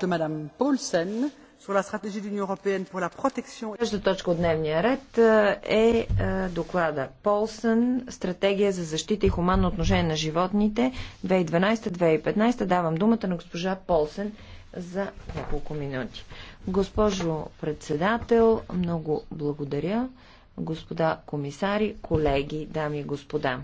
Следващата точка от дневния ред е, е доклада Полсън Стратегия за защита и хуманно отношение на животните 2012-2015. Давам думата на госпожа Полсен за няколко минути. Госпожо председател, много благодаря. Господа комисари, колеги, дами и господа.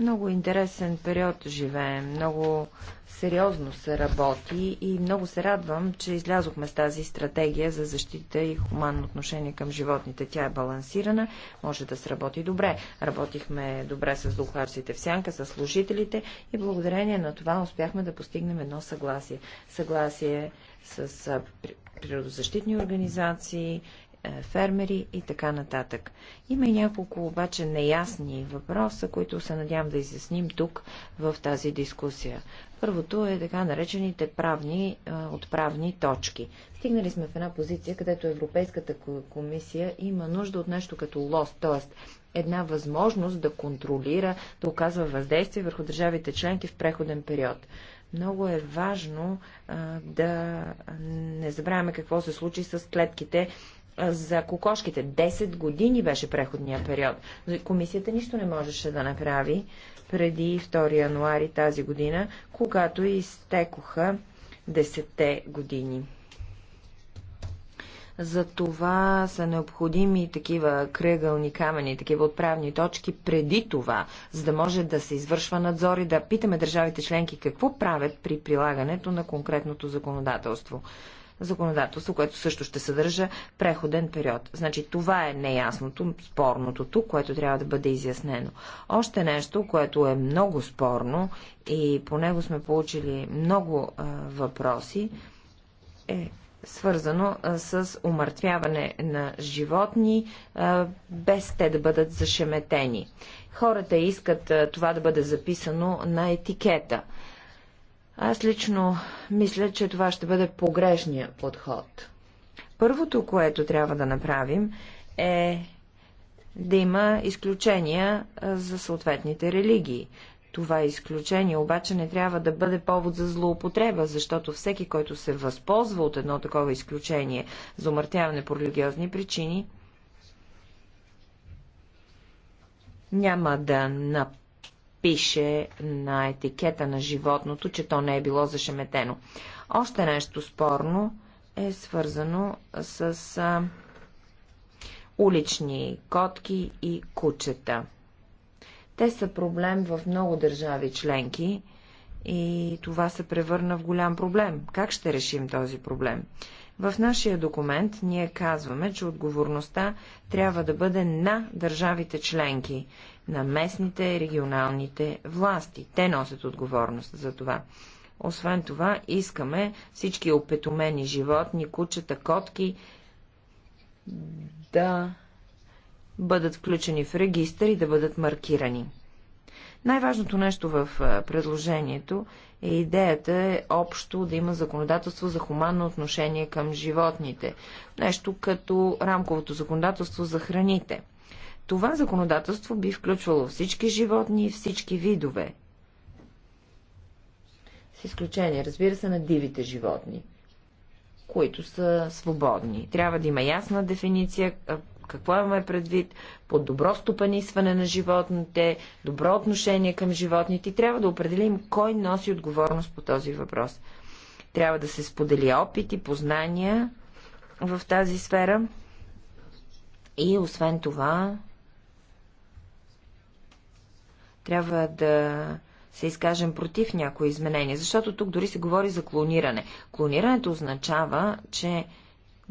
Много интересен период живеем, много сериозно се работи и много се радвам, че излязохме с тази стратегия за защита и хуманно отношение към животните. Тя е балансирана, може да се работи добре. Работихме добре с духарците в сянка, с служителите и благодарение на това успяхме да постигнем едно съгласие. Съгласие с природозащитни организации е, фермери и така нататък. Има и няколко обаче неясни въпроса, които се надявам да изясним тук в тази дискусия. Първото е така наречените правни, е, отправни точки. Стигнали сме в една позиция, където Европейската комисия има нужда от нещо като лост, т.е една възможност да контролира, да оказва въздействие върху държавите членки в преходен период. Много е важно а, да не забравяме какво се случи с клетките за кокошките. 10 години беше преходния период. Комисията нищо не можеше да направи преди 2 януари тази година, когато изтекоха 10 години. За това са необходими такива кръгълни камъни, такива отправни точки преди това, за да може да се извършва надзор и да питаме държавите членки какво правят при прилагането на конкретното законодателство законодателство, което също ще съдържа преходен период. Значи това е неясното, спорното тук, което трябва да бъде изяснено. Още нещо, което е много спорно и по него сме получили много а, въпроси, е свързано а, с умъртвяване на животни, а, без те да бъдат зашеметени. Хората искат а, това да бъде записано на етикета. Аз лично мисля, че това ще бъде погрешния подход. Първото, което трябва да направим е да има изключения за съответните религии. Това изключение обаче не трябва да бъде повод за злоупотреба, защото всеки, който се възползва от едно такова изключение за умъртяване по религиозни причини, няма да напълни пише на етикета на животното, че то не е било зашеметено. Още нещо спорно е свързано с а, улични котки и кучета. Те са проблем в много държави членки и това се превърна в голям проблем. Как ще решим този проблем? В нашия документ ние казваме, че отговорността трябва да бъде на държавите членки, на местните и регионалните власти. Те носят отговорност за това. Освен това, искаме всички опетомени животни, кучета, котки да бъдат включени в регистър и да бъдат маркирани. Най-важното нещо в предложението е идеята е общо да има законодателство за хуманно отношение към животните. Нещо като рамковото законодателство за храните. Това законодателство би включвало всички животни и всички видове. С изключение, разбира се, на дивите животни, които са свободни. Трябва да има ясна дефиниция какво имаме предвид? По добро стопанисване на животните, добро отношение към животните. Трябва да определим кой носи отговорност по този въпрос. Трябва да се сподели опит и познания в тази сфера. И освен това, трябва да се изкажем против някои изменения, защото тук дори се говори за клониране. Клонирането означава, че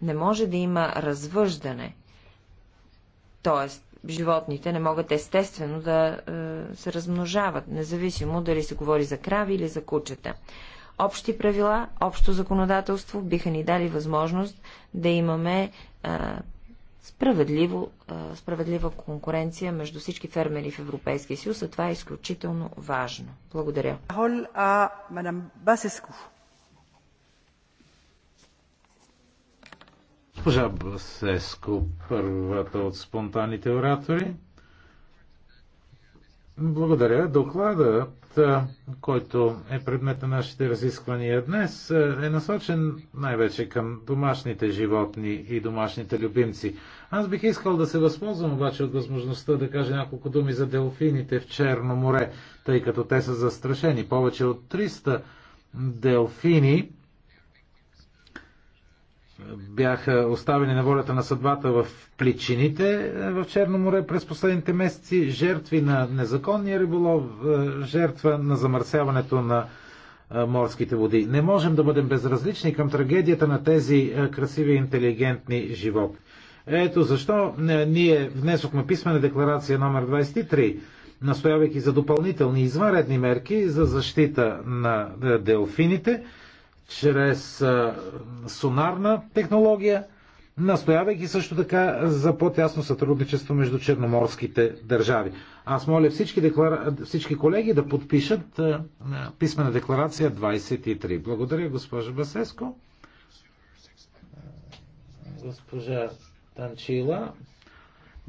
не може да има развъждане. Т.е. животните не могат естествено да е, се размножават, независимо дали се говори за крави или за кучета. Общи правила, общо законодателство биха ни дали възможност да имаме е, справедливо, е, справедлива конкуренция между всички фермери в Европейския съюз, а това е изключително важно. Благодаря. Госпожа Басеско, първата от спонтанните оратори. Благодаря. Докладът, който е предмет на нашите разисквания днес, е насочен най-вече към домашните животни и домашните любимци. Аз бих искал да се възползвам обаче от възможността да кажа няколко думи за делфините в Черно море, тъй като те са застрашени. Повече от 300 делфини бяха оставени на волята на съдбата в плечините е, в Черно море през последните месеци, жертви на незаконния риболов, е, жертва на замърсяването на е, морските води. Не можем да бъдем безразлични към трагедията на тези красиви и интелигентни животни. Ето защо ние внесохме писмена декларация номер 23, настоявайки за допълнителни извънредни мерки за защита на делфините – чрез сонарна технология, настоявайки също така за по-тясно сътрудничество между черноморските държави. Аз моля всички, деклара... всички колеги да подпишат писмена декларация 23. Благодаря, госпожа Басеско. Госпожа Танчила.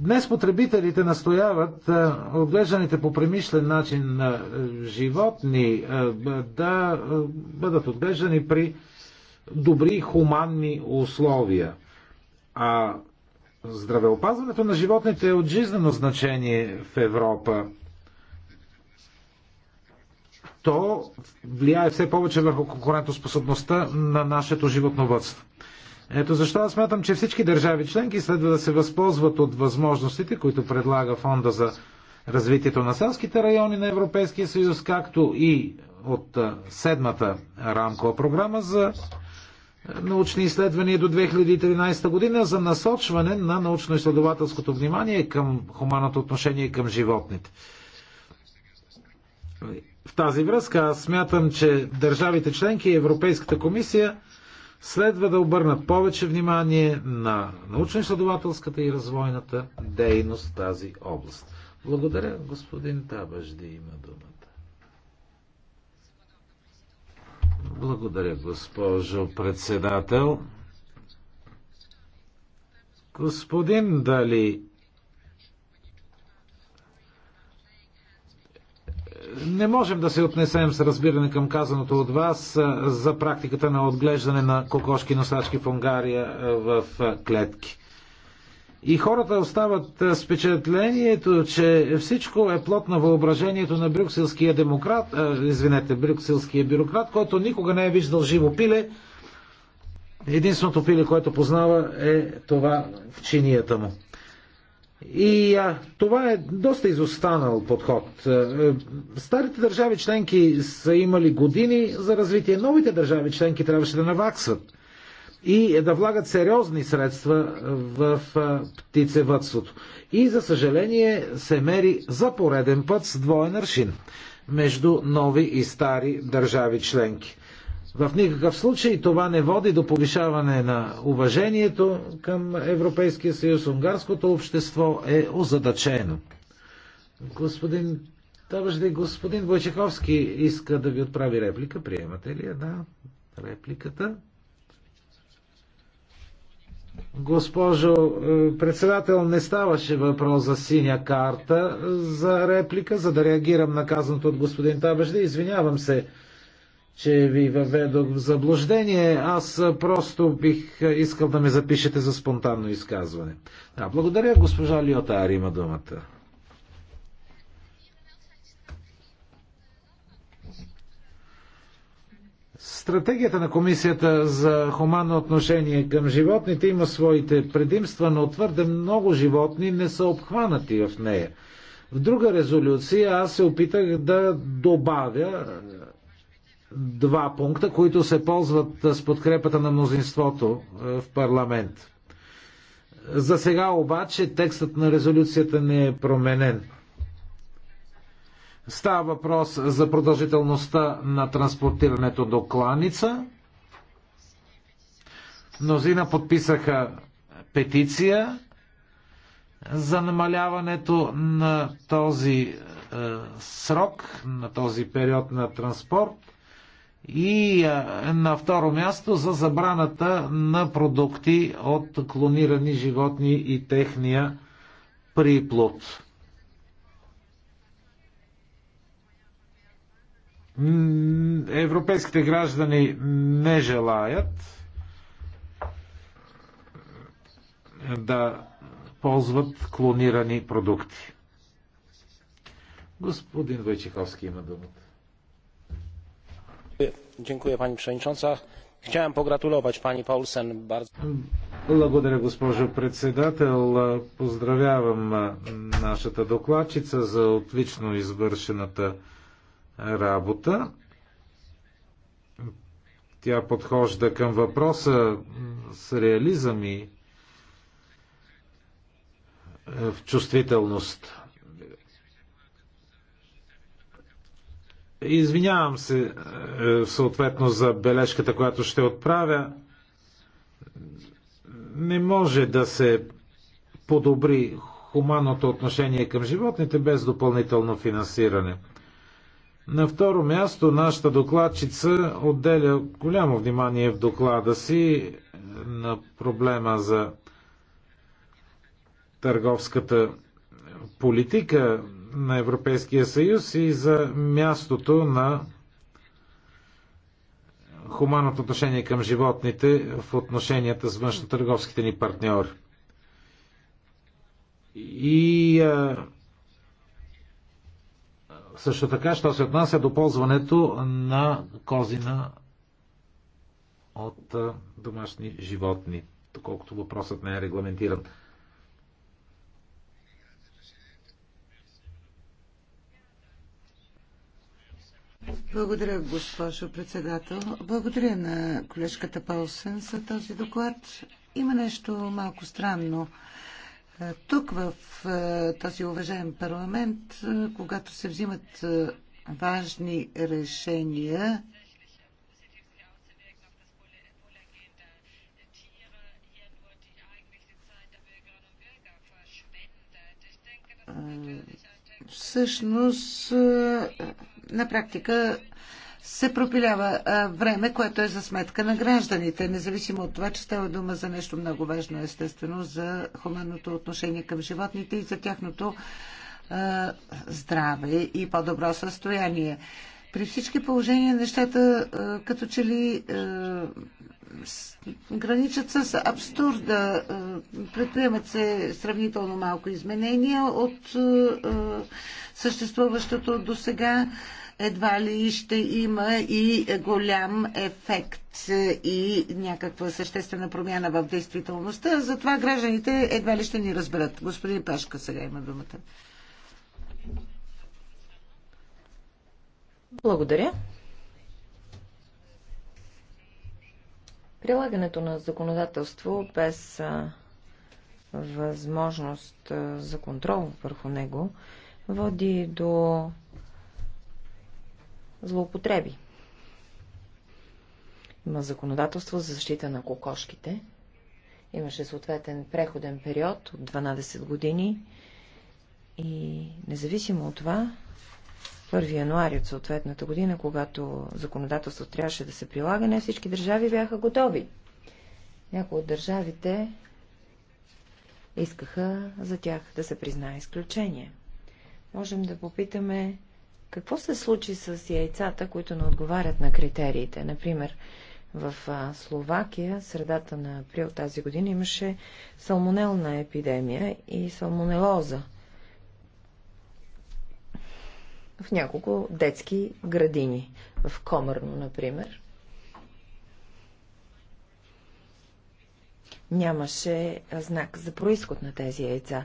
Днес потребителите настояват е, отглежданите по премишлен начин е, животни е, да бъдат отглеждани при добри хуманни условия. А здравеопазването на животните е от жизнено значение в Европа. То влияе все повече върху конкурентоспособността на нашето животновътство. Ето защо аз смятам, че всички държави членки следва да се възползват от възможностите, които предлага Фонда за развитието на селските райони на Европейския съюз, както и от седмата рамкова програма за научни изследвания до 2013 година за насочване на научно-изследователското внимание към хуманното отношение към животните. В тази връзка аз смятам, че държавите членки и Европейската комисия Следва да обърнат повече внимание на научно-изследователската и развойната дейност в тази област. Благодаря, господин Табажди има думата. Благодаря, госпожо председател. Господин Дали, Не можем да се отнесем с разбиране към казаното от вас за практиката на отглеждане на кокошки носачки в Унгария в клетки. И хората остават с впечатлението, че всичко е плод на въображението на брюкселския демократ, извинете, брюкселския бюрократ, който никога не е виждал живо пиле. Единственото пиле, което познава е това в чинията му. И а, това е доста изостанал подход. Е, е, старите държави членки са имали години за развитие. Новите държави членки трябваше да наваксват и да влагат сериозни средства в е, птицевътството. И, за съжаление, се мери за пореден път с двоен аршин между нови и стари държави членки. В никакъв случай това не води до повишаване на уважението към Европейския съюз. Унгарското общество е озадачено. Господин Табажди, господин Войчеховски иска да ви отправи реплика. Приемате ли я? Да, репликата. Госпожо е, председател, не ставаше въпрос за синя карта за реплика, за да реагирам на казаното от господин Табажди. Извинявам се че ви въведох в заблуждение. Аз просто бих искал да ме запишете за спонтанно изказване. Да, благодаря, госпожа Лиота Ари има думата. Стратегията на Комисията за хуманно отношение към животните има своите предимства, но твърде много животни не са обхванати в нея. В друга резолюция аз се опитах да добавя два пункта, които се ползват с подкрепата на мнозинството в парламент. За сега обаче текстът на резолюцията не е променен. Става въпрос за продължителността на транспортирането до кланица. Мнозина подписаха петиция за намаляването на този е, срок, на този период на транспорт. И е, на второ място за забраната на продукти от клонирани животни и техния приплод. Европейските граждани не желаят да ползват клонирани продукти. Господин Войчиховски има думата. Pani Przewodnicząca. Chciałem pogratulować Pani Paulsen bardzo. Благодаря, госпожо председател. Поздравявам нашата докладчица за отлично извършената работа. Тя подхожда към въпроса с реализъм и в чувствителност. Извинявам се е, съответно за бележката, която ще отправя. Не може да се подобри хуманното отношение към животните без допълнително финансиране. На второ място нашата докладчица отделя голямо внимание в доклада си е, на проблема за търговската политика на Европейския съюз и за мястото на хуманното отношение към животните в отношенията с външно-търговските ни партньори. И а, също така, що се отнася до ползването на козина от домашни животни, доколкото въпросът не е регламентиран. Благодаря, госпожо председател. Благодаря на колежката Паусен за този доклад. Има нещо малко странно. Е, тук в е, този уважаем парламент, е, когато се взимат важни решения, всъщност на практика се пропилява време, което е за сметка на гражданите, независимо от това, че става дума за нещо много важно, естествено, за хуманното отношение към животните и за тяхното здраве и по-добро състояние. При всички положения нещата като че ли граничат с абсурда. Предприемат се сравнително малко изменения от е, е, съществуващото до сега. Едва ли ще има и голям ефект и някаква съществена промяна в действителността. Затова гражданите едва ли ще ни разберат. Господин Пашка сега има думата. Благодаря. Прилагането на законодателство без а, възможност за контрол върху него, води до злоупотреби. Има законодателство за защита на кокошките. Имаше съответен преходен период от 12 години и независимо от това, 1 януари от съответната година, когато законодателство трябваше да се прилага, не всички държави бяха готови. Някои от държавите искаха за тях да се признае изключение. Можем да попитаме какво се случи с яйцата, които не отговарят на критериите. Например, в Словакия, средата на април тази година, имаше салмонелна епидемия и салмонелоза в няколко детски градини. В Комърно, например, нямаше знак за происход на тези яйца.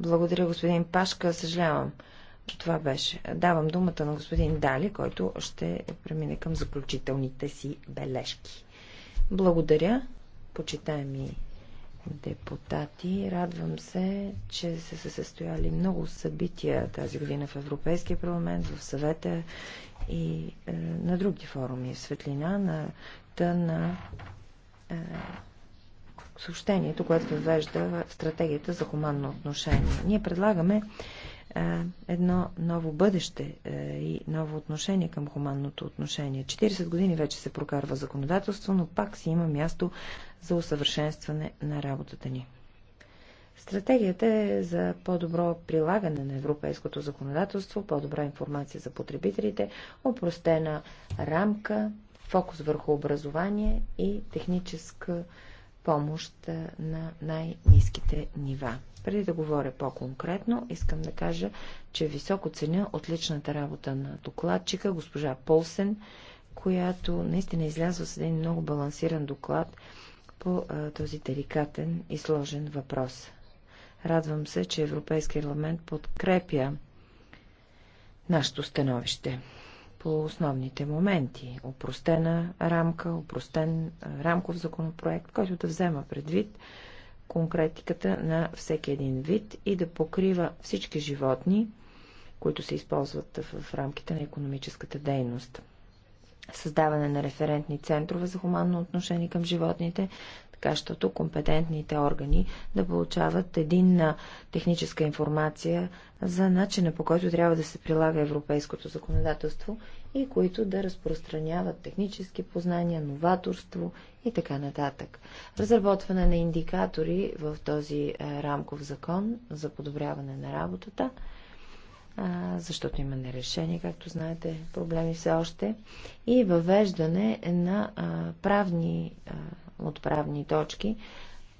Благодаря, господин Пашка. Съжалявам, че това беше. Давам думата на господин Дали, който ще премине към заключителните си бележки. Благодаря, почитаеми депутати. Радвам се, че са се състояли много събития тази година в Европейския парламент, в съвета и е, на други форуми. Светлина на, на е, съобщението, което въвежда стратегията за хуманно отношение. Ние предлагаме е, едно ново бъдеще е, и ново отношение към хуманното отношение. 40 години вече се прокарва законодателство, но пак си има място за усъвършенстване на работата ни. Стратегията е за по-добро прилагане на европейското законодателство, по-добра информация за потребителите, упростена рамка, фокус върху образование и техническа помощ на най-низките нива. Преди да говоря по-конкретно, искам да кажа, че високо ценя отличната работа на докладчика, госпожа Полсен, която наистина излязва с един много балансиран доклад по а, този деликатен и сложен въпрос. Радвам се, че Европейския парламент подкрепя нашето становище по основните моменти. Опростена рамка, опростен рамков законопроект, който да взема предвид конкретиката на всеки един вид и да покрива всички животни, които се използват в рамките на економическата дейност. Създаване на референтни центрове за хуманно отношение към животните, така щото компетентните органи да получават единна техническа информация за начина по който трябва да се прилага европейското законодателство и които да разпространяват технически познания, новаторство и така нататък. Разработване на индикатори в този е, рамков закон за подобряване на работата, защото има нерешение, както знаете, проблеми все още, и въвеждане на правни отправни точки,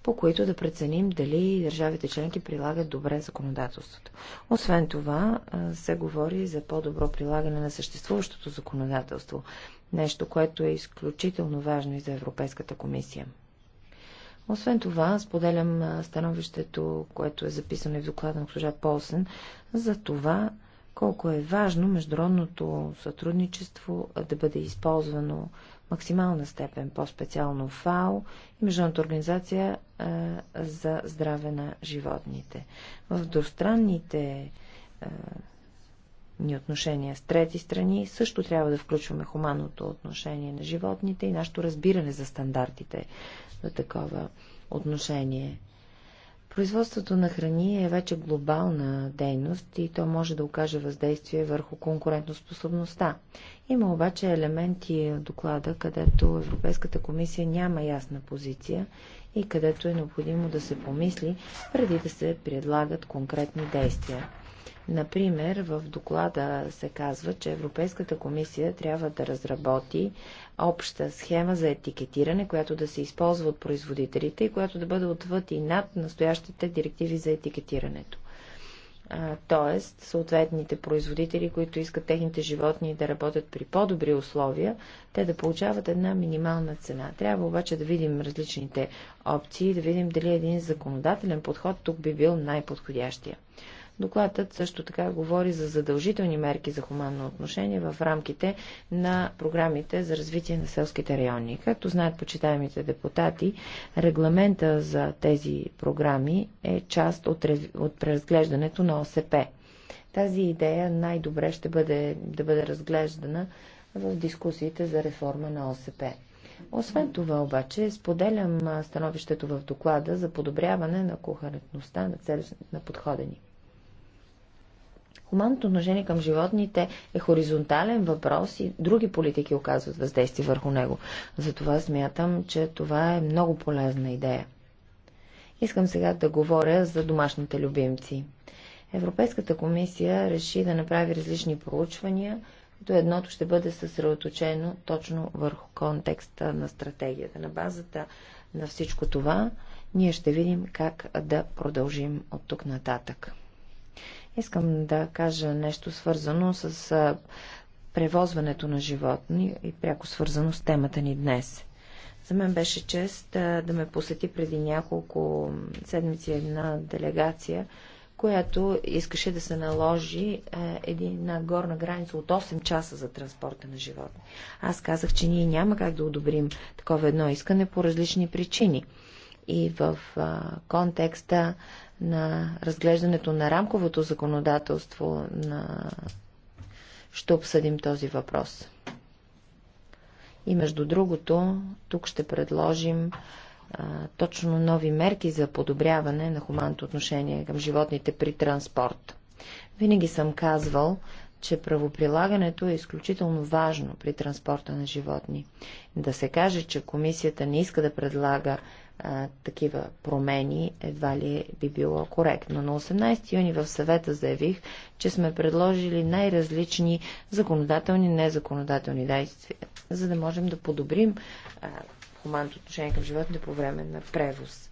по които да преценим дали държавите членки прилагат добре законодателството. Освен това, се говори за по-добро прилагане на съществуващото законодателство, нещо, което е изключително важно и за Европейската комисия. Освен това, споделям становището, което е записано и в доклада на госпожа Полсен, за това колко е важно международното сътрудничество да бъде използвано максимална степен, по-специално ФАО и Международната организация а, за здраве на животните. В двустранните ни отношения с трети страни също трябва да включваме хуманното отношение на животните и нашето разбиране за стандартите на такова отношение. Производството на храни е вече глобална дейност и то може да окаже въздействие върху конкурентоспособността. Има обаче елементи в доклада, където Европейската комисия няма ясна позиция и където е необходимо да се помисли преди да се предлагат конкретни действия. Например, в доклада се казва, че Европейската комисия трябва да разработи обща схема за етикетиране, която да се използва от производителите и която да бъде отвъд и над настоящите директиви за етикетирането Тоест, съответните производители, които искат техните животни да работят при по-добри условия, те да получават една минимална цена. Трябва обаче да видим различните опции, да видим дали един законодателен подход тук би бил най-подходящия. Докладът също така говори за задължителни мерки за хуманно отношение в рамките на програмите за развитие на селските райони. Както знаят почитаемите депутати, регламента за тези програми е част от, от преразглеждането на ОСП. Тази идея най-добре ще бъде да бъде разглеждана в дискусиите за реформа на ОСП. Освен това обаче, споделям становището в доклада за подобряване на кохерентността на, цел... на подхода ни. Хуманното отношение към животните е хоризонтален въпрос и други политики оказват въздействие върху него. Затова смятам, че това е много полезна идея. Искам сега да говоря за домашните любимци. Европейската комисия реши да направи различни проучвания, като едното ще бъде съсредоточено точно върху контекста на стратегията. На базата на всичко това ние ще видим как да продължим от тук нататък. Искам да кажа нещо свързано с превозването на животни и пряко свързано с темата ни днес. За мен беше чест да ме посети преди няколко седмици една делегация, която искаше да се наложи една горна граница от 8 часа за транспорта на животни. Аз казах, че ние няма как да одобрим такова едно искане по различни причини. И в контекста на разглеждането на рамковото законодателство на... ще обсъдим този въпрос. И между другото, тук ще предложим а, точно нови мерки за подобряване на хуманното отношение към животните при транспорт. Винаги съм казвал, че правоприлагането е изключително важно при транспорта на животни. Да се каже, че комисията не иска да предлага а, такива промени едва ли би било коректно. На 18 юни в съвета заявих, че сме предложили най-различни законодателни и незаконодателни действия, за да можем да подобрим а, хуманното отношение към животните по време на превоз.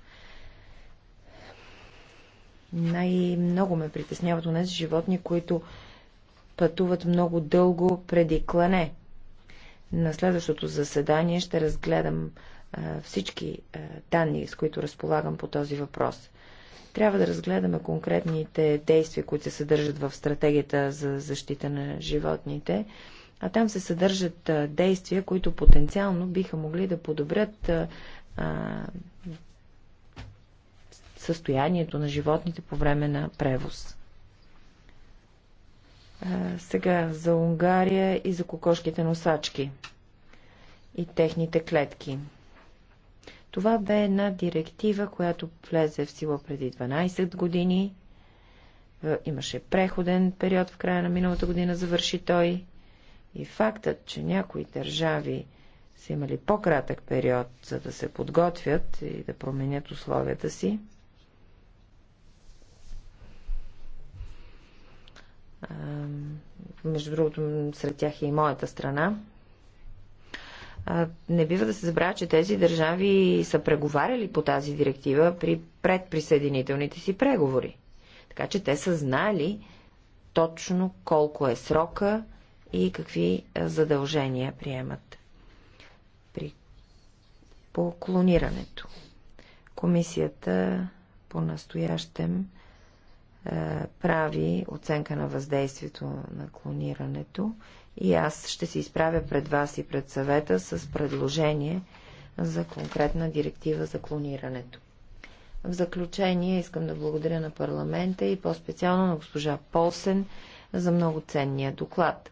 Най-много ме притесняват у нас животни, които пътуват много дълго преди клане. На следващото заседание ще разгледам всички данни, с които разполагам по този въпрос. Трябва да разгледаме конкретните действия, които се съдържат в стратегията за защита на животните, а там се съдържат действия, които потенциално биха могли да подобрят състоянието на животните по време на превоз сега за Унгария и за кокошките носачки и техните клетки. Това бе една директива, която влезе в сила преди 12 години. Е, имаше преходен период в края на миналата година, завърши той. И фактът, че някои държави са имали по-кратък период, за да се подготвят и да променят условията си, Между другото, сред тях е и моята страна. Не бива да се забравя, че тези държави са преговаряли по тази директива при предприсъединителните си преговори. Така че те са знали точно колко е срока и какви задължения приемат при поклонирането. Комисията по настоящем е, прави оценка на въздействието на клонирането и аз ще се изправя пред вас и пред съвета с предложение за конкретна директива за клонирането. В заключение искам да благодаря на парламента и по-специално на госпожа Полсен за много ценния доклад.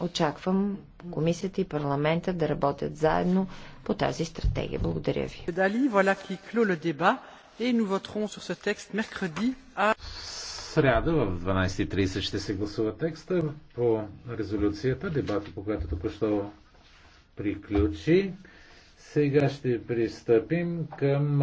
Очаквам комисията и парламента да работят заедно по тази стратегия. Благодаря ви et nous сряда в 12.30 ще се гласува текста по резолюцията, дебата по която току-що приключи. Сега ще пристъпим към